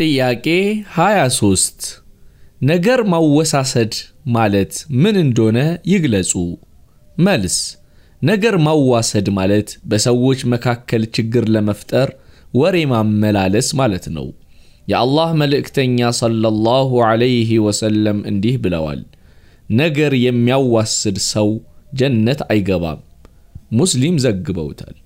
ጥያቄ 23 ነገር ማወሳሰድ ማለት ምን እንደሆነ ይግለጹ። መልስ ነገር ማዋሰድ ማለት በሰዎች መካከል ችግር ለመፍጠር ወሬ ማመላለስ ማለት ነው። የአላህ መልእክተኛ ሰለላሁ ዐለይሂ ወሰለም እንዲህ ብለዋል፣ ነገር የሚያዋስድ ሰው ጀነት አይገባም። ሙስሊም ዘግበውታል።